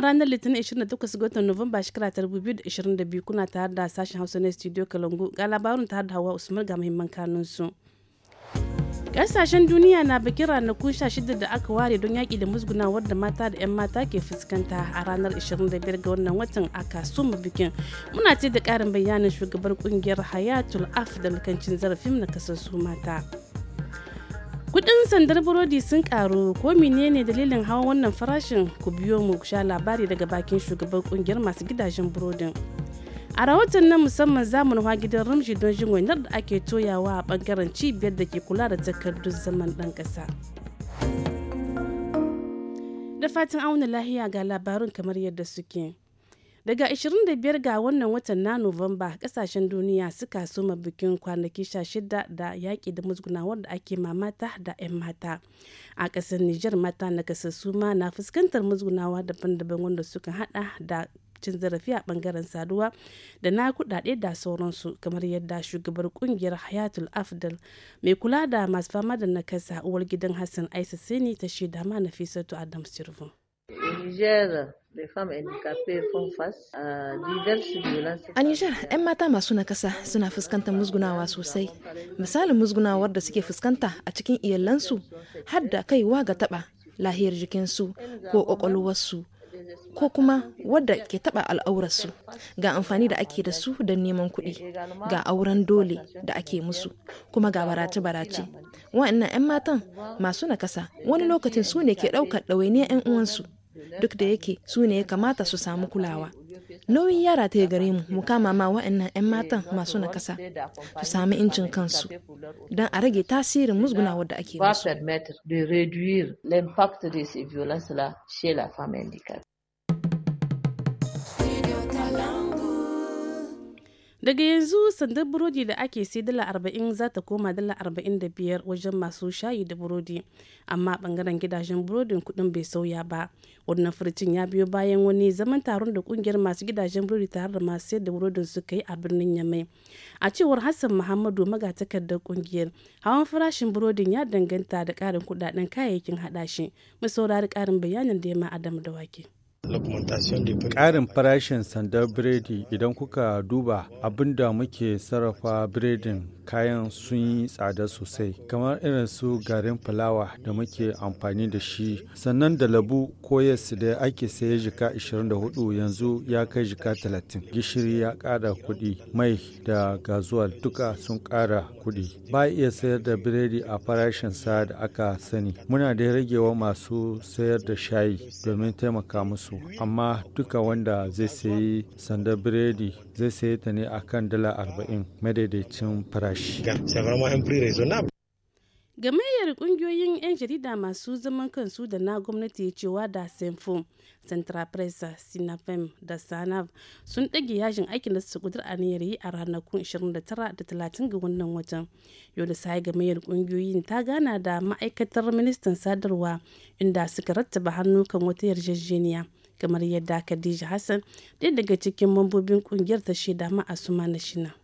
ranar Litinin 28 ga watan Nuwamba shekara ta 2022 kuna tare da sashen Hausa na Studio Kalangu ga labarin tare da Hawa Usman ga muhimman kanun su. Ƙasashen duniya na bikin ranakun 16 da aka ware don yaƙi da musgunawar da mata da 'yan mata ke fuskanta a ranar 25 ga wannan watan a kasuma bikin. Muna ce da ƙarin bayanin shugabar ƙungiyar Hayatul afdal kancin zarafin na su mata. Kudin sandar burodi sun karu ko menene dalilin hawa wannan farashin ku biyo mu sha labari daga bakin shugaban kungiyar masu gidajen burodin. A rahoton nan musamman zamun nufa gidan rumshi don jin wainar da ake toyawa a bangaren cibiyar da ke kula da takardun zaman ɗan ƙasa. Da fatan auna lahiya ga labarun kamar yadda suke. Daga 25 ga wannan watan na Nuwamba kasashen duniya suka soma bikin kwanaki 16 da yaƙi da musgunawar da ake mamata da 'yan mata. A ƙasar Nijar mata na kasassu ma na fuskantar musgunawa daban-daban wanda suka hada da cin zarafi a bangaren saduwa da na kudade da sauransu kamar yadda shugabar kungiyar hayatul afdal mai kula da masu fama da nakasa uwar gidan hassan aisa sani ta shaida ma nafisatu adam sirvin A Nijar, 'yan mata masu nakasa suna fuskantar musgunawa sosai. Misalin musgunawar da suke fuskanta a cikin iyalansu har da kaiwa ga taba lahiyar jikinsu ko ƙwaƙwalwarsu ko kuma wadda ke taɓa al'aurarsu ga amfani da ake da su don neman kuɗi ga auren dole da ake musu kuma ga barace-barace wa'annan 'yan matan masu nakasa wani lokacin su ne ke ɗaukar ɗawainiyar 'yan uwansu duk da yake su ne ya kamata su samu kulawa nauyin yara ta gare mu mu kama ma wa'annan 'yan matan masu nakasa su samu incin kansu don a rage tasirin musgunawar da ake musu daga yanzu sandar burodi da ake sai dala arba'in za ta koma dala arba'in da biyar wajen masu shayi da burodi amma bangaren gidajen burodin kudin bai sauya ba wannan furcin ya biyo bayan wani zaman taron da kungiyar masu gidajen burodi tare da masu sayar da burodin suka yi a birnin yamai a cewar hassan muhammadu magatakardar kungiyar hawan farashin burodin ya danganta da karin kudaden kayayyakin hadashi mu saurari karin bayanin da ya adam da wake Ƙarin farashin sandar biredi idan kuka duba abin da muke sarrafa biredin kayan sun yi tsada sosai kamar irin su garin fulawa da muke amfani da shi sannan da labu ko da ake saye jika 24 yanzu ya kai jika 30 gishiri ya ƙara kuɗi mai da gazuwal duka sun ƙara kuɗi ba iya sayar da biredi a farashin sa da aka sani muna da ragewa masu sayar da shayi domin taimaka musu su amma duka wanda zai sayi sanda biredi zai sayi ta ne akan dala arba'in madaidaicin farashi gamayyar kungiyoyin 'yan jarida masu zaman kansu da na gwamnati cewa da senfo central presa sinafem da sanav sun ɗage yajin aikin da su kudur aniyar yi a ranakun 29 da 30 ga wannan watan yau da sai gamayyar kungiyoyin ta gana da ma'aikatar ministan sadarwa inda suka rattaba hannu kan wata yarjejeniya kamar yadda Khadija Hassan ɗaya daga cikin mambobin kungiyar ta shaida ma suma na Shina.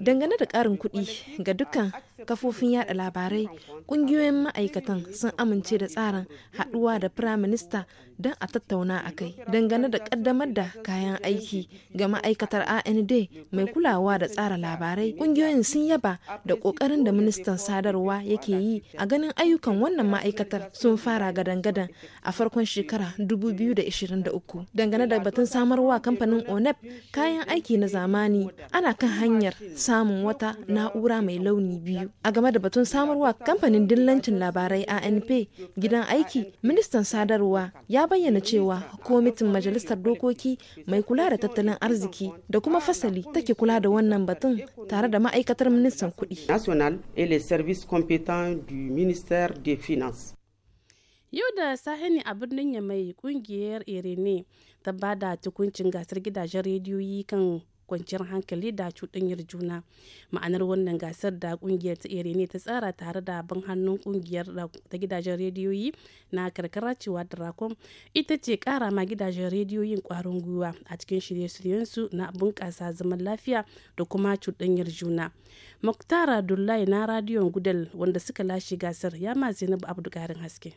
Dangane da ƙarin kuɗi ga dukkan kafofin yada labarai kungiyoyin ma'aikatan sun amince da tsarin haduwa da firaminista don a tattauna a kai dangane da kaddamar da kayan aiki ga ma'aikatar AND mai kulawa da tsara labarai kungiyoyin sun yaba da kokarin da ministan sadarwa yake yi a ganin ayyukan wannan ma'aikatar sun fara gadan-gadan a farkon shekara 2023 dangane da batun samarwa kamfanin onep kayan aiki na zamani ana kan hanyar samun wata na'ura mai launi biyu a game da batun samarwa kamfanin dillancin labarai ANP gidan aiki ministan sadarwa ya bayyana cewa kwamitin majalisar dokoki mai kula da tattalin arziki da kuma fasali take kula da wannan batun tare da ma'aikatar ministan kuɗi. National et service services du ministère des Finances. Yau da sahini a birnin ya Yamai kungiyar Irene ta bada tukuncin gasar gidajen rediyoyi kan kwanciyar hankali da cuɗanyar juna ma'anar wannan gasar da kungiyar ta ne ta tsara tare da ban hannun kungiyar ta gidajen rediyoyi na karkara cewa drakon ita ce kara ma gidajen rediyoyin kwarin gwiwa a cikin shirye-shiryensu na bunƙasa zaman lafiya da kuma cuɗanyar juna muktara dullahi na radiyon gudal wanda suka lashe gasar ya ma zainabu abdu haske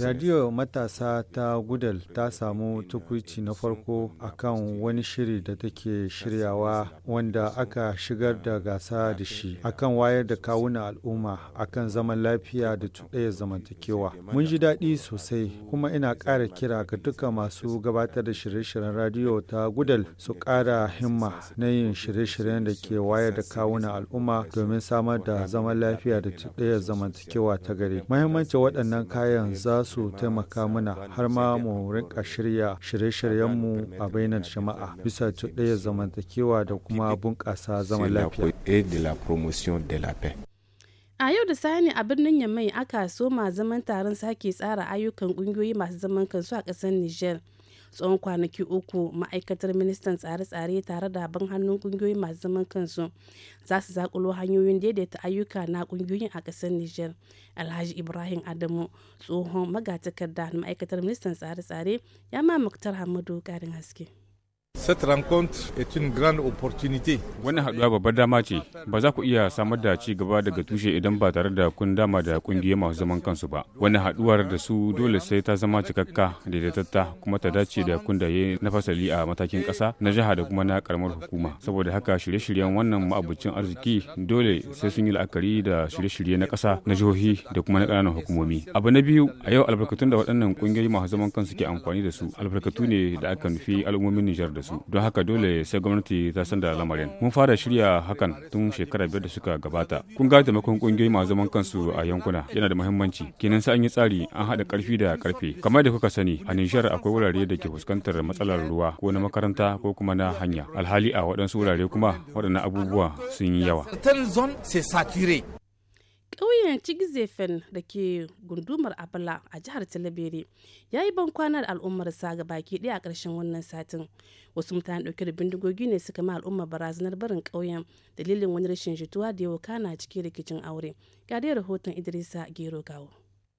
Radio Matasa ta Gudal ta samu tukuici na farko akan wani shiri da take shiryawa wanda aka shigar da gasa da shi akan wayar da kawuna al'umma akan zaman lafiya da cuɗayar zamantakewa. Mun ji daɗi sosai kuma ina ƙara kira ga duka masu gabatar da shirye-shiryen radio ta Gudal su ƙara himma na yin shirye-shiryen da ke wayar da kawuna al'umma domin samar da zaman lafiya da cuɗayar zamantakewa ta gari. Muhimmancin waɗannan kayan hakan za su taimaka mana har ma mu rinka shirya shirye-shiryenmu a bainar jama'a bisa cuɗaya zamantakewa da kuma bunƙasa zaman lafiya. A yau da sani a birnin Yamai aka soma zaman taron sake tsara ayyukan ƙungiyoyi masu zaman kansu a ƙasar Nijar. tsawon kwanaki uku ma'aikatar ministan tsare-tsare tare da ban hannun kungiyoyin masu zaman kansu za su zakulo hanyoyin daidaita ayyuka na kungiyoyin a ƙasar niger alhaji ibrahim adamu tsohon magatakarda ma'aikatar ministan tsare-tsare ya ma muktar hamadu ƙarin haske Cette rencontre est une grande opportunité. Wannan haɗuwa babbar dama ce, ba za ku iya samar da ci gaba daga tushe idan ba tare da kun dama da ƙungiyoyi masu zaman kansu ba. Wannan haɗuwar da su dole sai ta zama cikakka, daidaitatta kuma ta dace da kundaye na fasali a matakin ƙasa, na jiha da kuma na ƙaramar hukuma. Saboda haka shirye-shiryen wannan ma'abucin arziki dole sai sun yi la'akari da shirye-shirye na ƙasa, na jihohi da kuma na ƙananan hukumomi. Abu na biyu, a yau albarkatun da waɗannan ƙungiyoyi masu zaman kansu ke amfani da su, albarkatu ne da aka nufi al'ummomin Nijar da su. don haka dole sai gwamnati ta san da lamarin mun fara shirya hakan tun shekara biyar da suka gabata kun ga taimakon kungiyoyi masu zaman kansu a yankuna yana da muhimmanci kenan sai an yi tsari an haɗa ƙarfi da ƙarfe kamar da kuka sani a Nijar akwai wurare da ke fuskantar matsalar ruwa ko na makaranta ko kuma na hanya alhali a waɗansu wurare kuma waɗannan abubuwa sun yi yawa ƙauyen cigizefen da ke gundumar abala a jihar talabere ya yi ban kwanar al'ummarsa ga baki ɗaya a ƙarshen wannan satin wasu mutane ɗauke da bindigogi ne suka ma al'umma barazanar barin ƙauyen dalilin wani rashin jituwa da ya wakana cikin rikicin aure ga dai rahoton idrisa gero gawo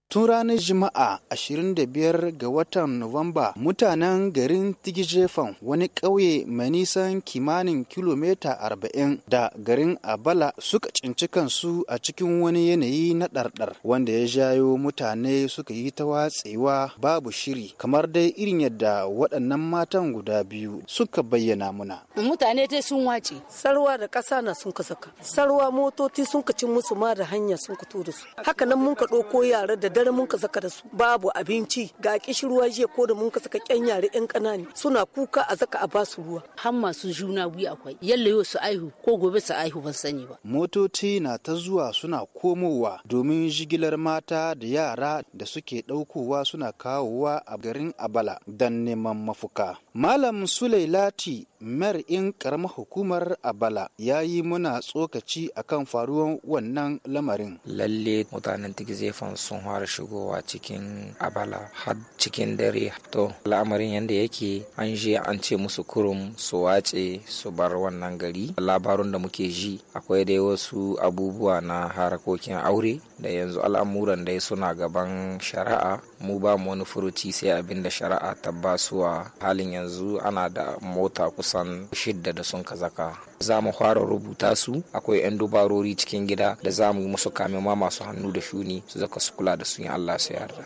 Tun ranar Juma'a 25 ga watan Nuwamba mutanen garin Tigijefan wani ƙauye mai nisan kimanin kilomita 40 da garin Abala suka cinci kansu a cikin wani yanayi na ɗarɗar wanda ya jayo mutane suka yi ta watsewa babu shiri kamar dai irin yadda waɗannan matan guda biyu suka bayyana muna. Mutane dai sun wace. Sarwa da ƙasa na sun saka. Sarwa motoci sun cin musu ma da hanya sun to da su. Haka nan mun ka ɗauko yara da dare mun ka saka da su babu abinci ga kishirwa jiya ko da mun ka saka kyan yare yan kanani suna kuka a zaka a basu ruwa har masu juna biyu akwai yalla yau su aihu ko gobe su aihu ban sani ba motoci na ta zuwa suna komowa domin jigilar mata da yara da suke ɗaukowa suna kawowa a garin abala dan neman mafuka malam sulailati mer in karamar hukumar abala ya yi muna tsokaci akan faruwan wannan lamarin lalle mutanen tigizefan sun fara shigowa cikin abala har cikin dare to al'amarin yadda yake an je an ce musu kurum su wace su bar wannan gari labarun da muke ji akwai dai wasu abubuwa na harakokin aure da yanzu al'amuran dai suna gaban shari'a mu ba mu wani furuci sai abin da shari'a ta basuwa halin yanzu ana da mota kusan shidda da sun kazaka za mu fara rubuta su akwai 'yan dubarori cikin gida da za mu yi musu kame masu hannu da shuni su zaka su kula da su in Allah su yarda.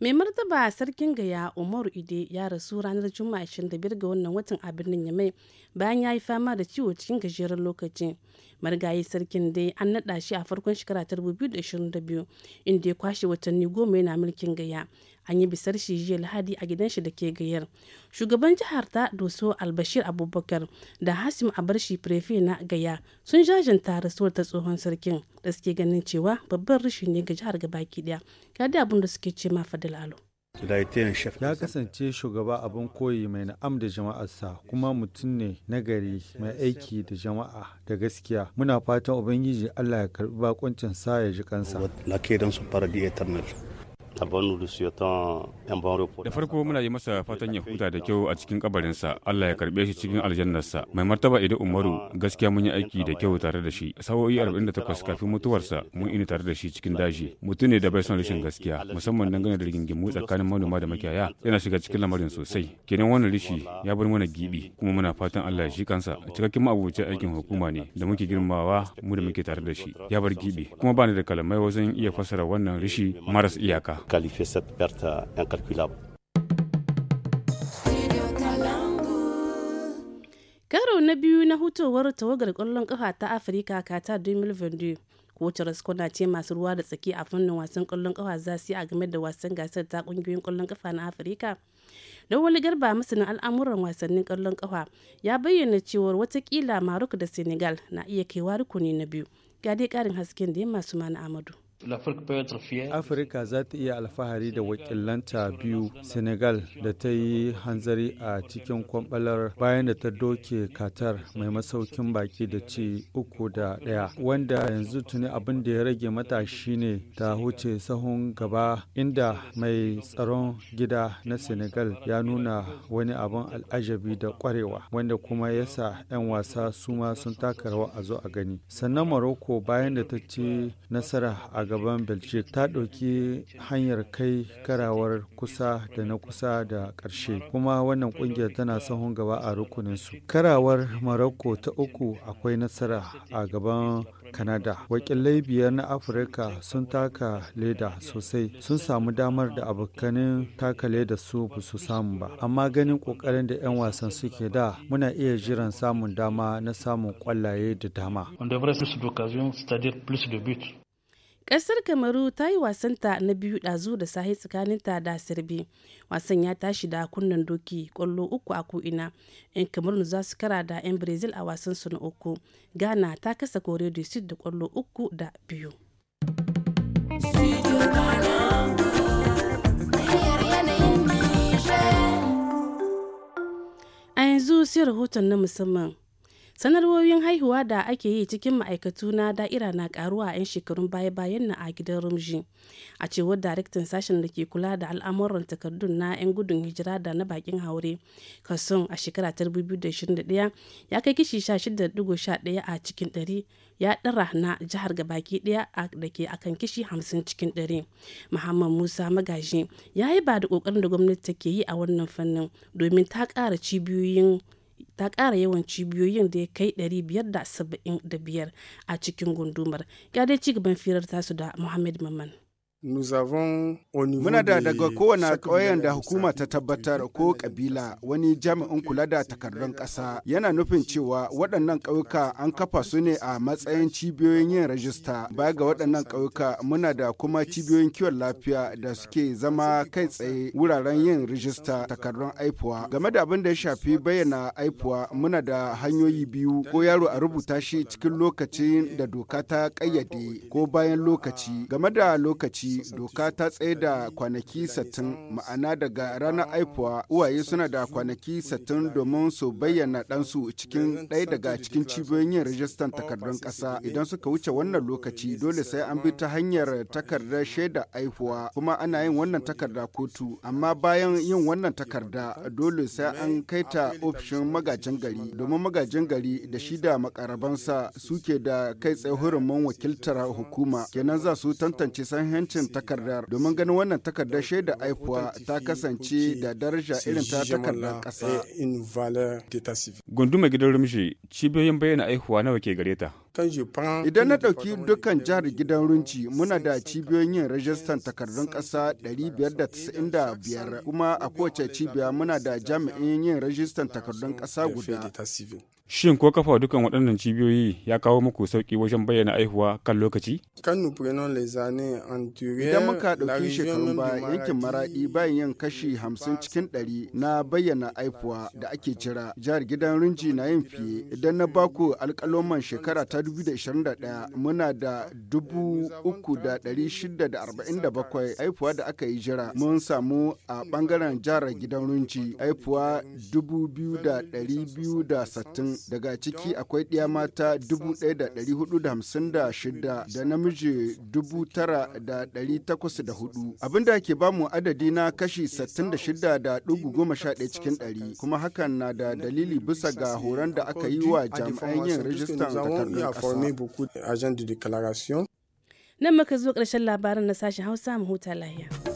mai martaba sarkin gaya umaru ide ya rasu ranar juma'a 25 ga wannan watan a birnin yamai bayan ya yi fama da ciwo cikin gajeren lokaci marigayi sarkin dai an naɗa shi a farkon shekara ta 2022 inda ya kwashe watanni goma yana mulkin gaya an yi bisar shi jiya lahadi a gidan shi da ke gayar shugaban jihar ta doso albashir abubakar da hasim abarshi prefe na gaya sun jajanta rasuwar ta tsohon sarkin da suke ganin cewa babban rashi ne ga jihar gabaki daya ga abin da suke ce ma fadil alo Ya kasance shugaba abin koyi mai na'am da jama'arsa kuma mutum ne nagari mai aiki da jama'a da gaskiya. Muna fatan Ubangiji Allah ya karbi bakuncin sa ya ji kansa. Da farko muna yi masa fatan ya huta da kyau a cikin kabarinsa, Allah ya karbe shi cikin aljannarsa. Mai martaba idan Umaru gaskiya mun yi aiki da kyau tare da shi. Sawo'i 48 kafin mutuwarsa mun ini tare da shi cikin daji. Mutum ne da bai son rashin gaskiya, musamman dangane da rigingimu tsakanin manoma da makiyaya, yana shiga cikin lamarin sosai. Kenan wannan rishi ya bar mana gibi, kuma muna fatan Allah ya shi kansa. Cikakken ma'abucin aikin hukuma ne da muke girmawa mu da muke tare da shi. Ya bar gibi, kuma ba ni da kalamai wajen iya fassara wannan rishi maras iyaka. qualifier cette perte incalculable. Karo na biyu na hutowar tawagar kwallon kafa ta Afirka kata 2022 kowace raskuna ce masu ruwa da tsaki a fannin wasan kwallon kafa za su yi a game da wasan gasar ta kungiyoyin kwallon kafa na Afirka. don wani garba masanin al'amuran wasannin kwallon kafa ya bayyana cewar watakila maroc da senegal na iya kaiwa rukuni na biyu ga dai karin hasken da ya masu mana amadu afirka za ta iya alfahari da wakilanta biyu senegal da ta yi hanzari a cikin kwambalar bayan da ta doke katar mai masaukin baki da ci uku da ɗaya. wanda yanzu tuni abin da ya rage mata shine ta huce sahun gaba inda mai tsaron gida na senegal ya nuna wani abin al'ajabi da ƙwarewa, wanda kuma ya sa 'yan wasa suma sun taka rawa a zo a gani sannan morocco bayan da ta ci nasara a gaban belgium ta ɗauki hanyar kai karawar kusa da na kusa da ƙarshe kuma wannan ƙungiyar tana sahun gaba a rukuninsu. Karawar Morocco ta uku akwai nasara a gaban Kanada. Wakilai biyar na Afirka sun taka leda sosai sun samu damar da abokanin taka leda su ba su samu ba. Amma ganin kokarin da 'yan wasan suke da muna iya jiran samun dama na samun kwallaye da dama. de kasar Kamaru ta yi wasanta na biyu ɗazu da sahi tsakaninta da Sirbi. Wasan ya tashi da kunnen doki kwallo uku a ko'ina. 'Yan kamaru za su kara da 'yan Brazil a wasan su na uku. Ghana ta kasa Kore da Sud da kwallo uku da biyu. A yanzu sai rahoton na musamman. sanarwoyin haihuwa da ake yi cikin ma'aikatu na da'ira na karuwa a 'yan shekarun baya-bayan na a gidan rumji a cewar daraktan sashen da ke kula da al'amuran takardun na 'yan gudun hijira da na bakin haure kason a shekara 2021 ya kai kishi 16.11 a cikin 100 ya dara na jihar gabaki ɗaya da ke akan kishi 50 cikin 100 muhammad musa magaji ya yi ba da ƙoƙarin da gwamnati ke yi a wannan fannin domin ta ƙara cibiyoyin ta ƙara yawan cibiyoyin da ya kai 575 a cikin gundumar ya dai ci gaban firar tasu da muhammad maman Muna da daga kowane ƙauyen da hukuma ta tabbatar ko kabila wani jami'in kula da takardun ƙasa yana nufin cewa waɗannan ƙauyuka an kafa su ne a matsayin cibiyoyin yin rajista. Baya ga waɗannan ƙauyuka muna da kuma cibiyoyin kiwon lafiya da suke zama kai tsaye wuraren yin rajista takardun aifuwa. Game da abin da ya shafi bayyana aifuwa muna da hanyoyi biyu ko yaro a rubuta shi cikin lokacin da doka ta ƙayyade ko bayan lokaci game da lokaci doka ta tsaye da kwanaki satin ma'ana daga ranar aifuwa uwaye suna da kwanaki satin domin su bayyana ɗansu cikin ɗaya daga cikin cibiyoyin yin rajistan takardun ƙasa idan suka wuce wannan lokaci dole sai an bi ta hanyar takardar shaida aifuwa kuma ana yin wannan takarda kotu amma bayan yin wannan takarda dole sai an kai ta ofishin magajin gari domin magajin gari da shi da makarabansa suke da kai tsaye hurumin wakiltar hukuma kenan za su tantance sahihancin irin takardar domin ganin wannan takardar shaida aihuwa ta kasance da daraja irin ta takardar kasa. Gunduma gidan rumshi cibiyoyin bayyana aihuwa nawa ke gare ta? Idan na ɗauki dukkan jihar gidan runci muna da cibiyoyin yin rajistan takardun ƙasa 595 kuma a kowace cibiya muna da jami'in yin rajistan takardun ƙasa guda. Shin ko kafa dukan waɗannan cibiyoyi ya kawo muku sauƙi wajen bayyana aihuwa kan lokaci? Idan muka ɗauki shekaru ba yankin maraɗi bayan yin kashi hamsin cikin ɗari na bayyana aihuwa da ake jira jihar gidan rinji na yin fiye idan na baku alƙaloman shekara ta 2021 muna da 3,647 aihuwa da aka yi jira mun samu a ɓangaren jihar gidan rinji aihuwa 2,260 daga ciki akwai ɗiya mata 1,456 da namiji 9,804 abinda ke bamu adadi na kashi 66.11 cikin 100 kuma hakan na da dalili bisa ga horon da aka yi wa jami'an yin rajistan takardun ƙasa. Nan muka zo ƙarshen labarin na sashen Hausa mu huta lahiya.